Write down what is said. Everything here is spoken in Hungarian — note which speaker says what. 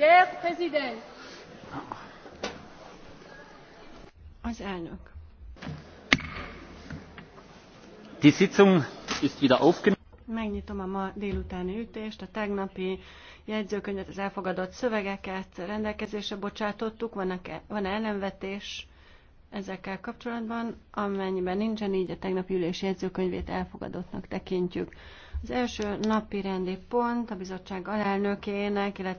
Speaker 1: Der Präsident.
Speaker 2: Az elnök.
Speaker 3: Die Sitzung ist wieder aufgenommen.
Speaker 4: Megnyitom a ma délutáni ütést, a tegnapi jegyzőkönyvet, az elfogadott szövegeket rendelkezésre bocsátottuk, van-e van -e ellenvetés ezekkel kapcsolatban, amennyiben nincsen így
Speaker 5: a tegnapi ülés jegyzőkönyvét elfogadottnak tekintjük. Az első napi rendi pont a bizottság alelnökének, illetve